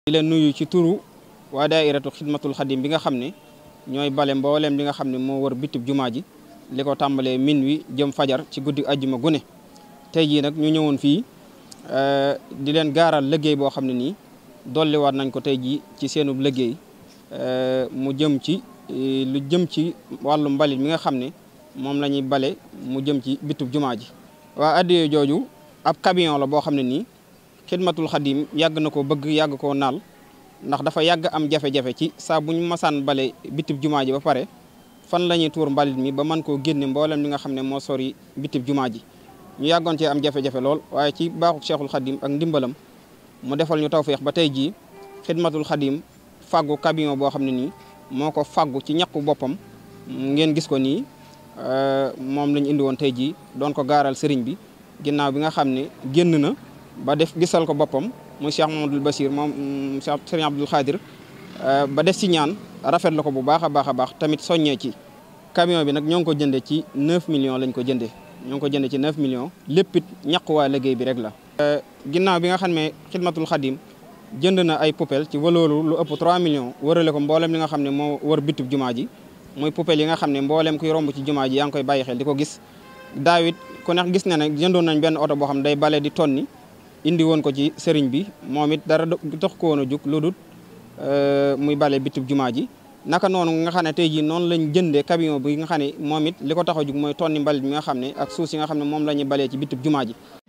di leen nuyu ci turu waa daairatu xidmatul xadim bi nga xam ne ñooy bale mbooleem li nga xam ne moo war bitib jumaa ji li ko tàmbalee min wi jëm fajar ci guddi ajjuma gune tey jii nag ñu ñëwoon fii eh, di leen gaaral liggéey boo xam ne nii dolliwaat nañ ko tey jii ci seenub liggéey eh, mu jëm ci eh, lu jëm ci wàllu mbalit mi nga xam ne moom la ñuy bale mu jëm ci bitub jumaa ji waa addiye jooju ab camion la xam ne nii xidmatul xadim yàgg na ko bëgg yàgg koo naal ndax dafa yàgg am jafe-jafe ci saa bu ñu masaan bale bitib jumaa ji ba pare fan la ñuy tuur mbalit mi ba man koo génne mboolem li nga xam ne moo sori bitib jumaa ji ñu yàggoon cee am jafe lool waaye ci baaxu cheikhul xadim ak ndimbalam mu defal ñu tawféex ba tey jii xidmatul xadim fàggu camion boo xam ne nii moo ko fàggu ci ñàkku boppam ngeen gis ko nii euh, moom lañu indi woon tey jii doon ko gaaral sëriñ bi ginnaaw bi nga xam ne génn na ba def gisal ko boppam muy Cheikh Mamadou Bassir moom mm, Serigne Abdoul Khadir euh, ba def ci ñaan rafet la ko bu baax a baax a baax tamit soññee ci camion bi nag ñoo ngi ko jëndee ci 9 millions lañ ko jëndee ñoo ngi ko jëndee ci 9 millions lépp it ñàkkuwaay liggéey bi rek la. Euh, ginnaaw bi nga xam ne xidmatul xadim jënd na ay poubelle ci waloolu lu ëpp 3 millions wërale ko mboolem li nga xam ne moo wër bitub jumaa ji muy poubelle yi nga xam ne mboolem kuy romb ci jumaa ji yaa ngi koy bàyyi xel di ko gis daawit ku neex gis na ne jëndoon nañ benn oto boo xam day bale di tonni indi woon ko ci sëriñ bi moom it dara dox ko woon a jug lu dul euh, muy bale bitib jumaa ji naka noonu nga xam ne tey jii noonu lañ jëndee camion bi nga xam ne moom it ko tax a jug mooy tonni mbalit mi nga xam ne ak suuf si nga xam ne moom la ñuy balee ci bitib jumaa ji